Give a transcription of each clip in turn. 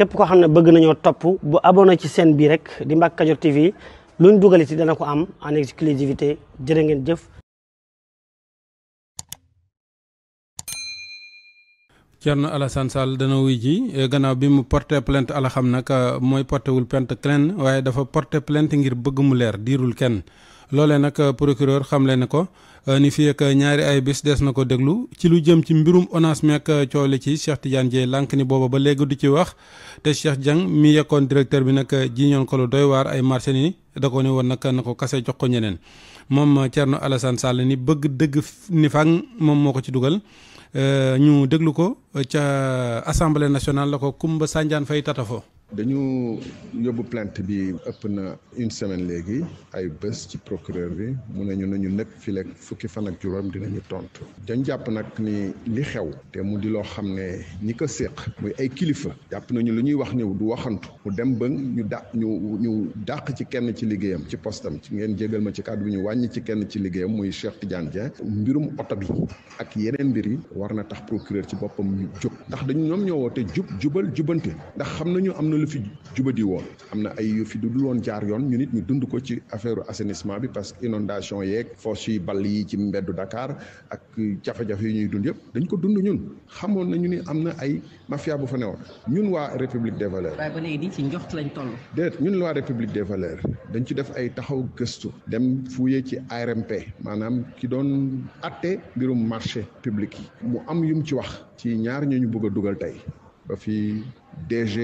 képp koo xam ne bëgg nañoo topp bu abonné ci seen bii rek di Mbacke Kadior TV luñ dugal ci dana ko am en exclusivité jërë ngeen jëf. Thierno Alassane Sall dana wuy ji gannaaw bi mu porté plainte ala nag mooy porté wul plainte waaye dafa porté plainte ngir bëgg mu leer diirul kenn. loolee nag euh, procureur xamle ne ko euh, ni fii ak euh, ñaari ay bis des na ko déglu ci lu jëm ci mbirum ONAS meek coow li ci Cheikh Tidiane Dièye lànk ni booba ba léegi du ci wax te Cheikh jang mi yekkoon directeur bi nag jiiñoon ko lu doy waar ay marché ni da ko ne woon nag na ko kase jox ko ñeneen moom Thierno Alassane Sall ni bëgg dëgg ni fang moom moo ko ci dugal ñu déglu ko ca assemblée nationale la ko Kumba Sanjaan Fay tatafo dañu yóbbu plant bi ëpp na une semaine léegi ay bés ci procureur bi mu ne ñu nañu nekk fii leeg fukki fan ak juróom dinañu tontu dañ jàpp nag ni li xew te mu di loo xam ne ñi ko séq muy ay kilifa jàpp nañu lu ñuy wax ni du waxantu mu dem ba ñu dàq ñu ñu dàq ci kenn ci liggéeyam ci postam ci ngeen jégal ma ci kàddu bi ñu wàññi ci kenn ci liggéeyam muy Cheikh Tidiane Dieng mbirum oto bi ak yeneen mbir yi war na tax procureur ci boppam ñu ndax dañu ñoom ñoo woote jub jubal jubante ndax la fi jubadi woon am na ay fi dudul woon jaar yoon ñu nit ñu dund ko ci affaire assainissement bi parce que inondation yeeg fosse yi ball yi ci mbeddu dakaar ak jafe-jafe yi ñuy dund yëpp dañ ko dund ñun xamoon nañu ni am na ay mafia bu fa newoon ñun waa république des valeurs. waaye ba léegi ci njox lañ toll. déet ñun waa république des valeurs dañ ci def ay taxaw gëstu dem fuye ci ARMP maanaam ki doon atte mbirum marché public yi mu am yum ci wax ci ñaar ñu ñu bëgg a dugal tey fii DG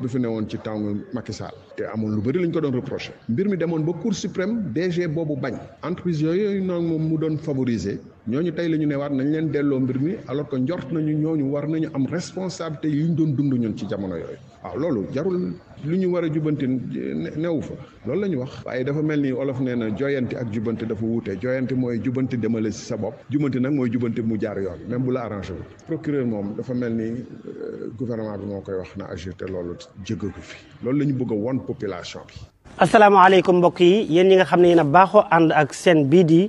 bi fi woon ci tàngu Macky te amoon lu bëri lañ ko doon reproché mbir mi demoon ba Cour suprême DG boobu bañ entreprise yooyu noonu moom mu doon favoriser ñooñu tey la ñu newaat nañ leen delloo mbir mi alors que njort nañu ñooñu war nañu am responsabilité yu ñu doon dund ci jamono yooyu waaw loolu jarul lu ñu war a jubanti newu fa loolu la ñu wax waaye dafa mel ni olof nee na joyanti ak jubanti dafa wute joyanti mooy jubanti demale si sa bopp jubanti nag mooy jubanti mu jaar yoon même bu la arrangé wu procureur moom dafa mel ni euh, gouvernement bi moo koy wax na agir te loolu jéggu fi loolu la ñu bëgg a a baaxoo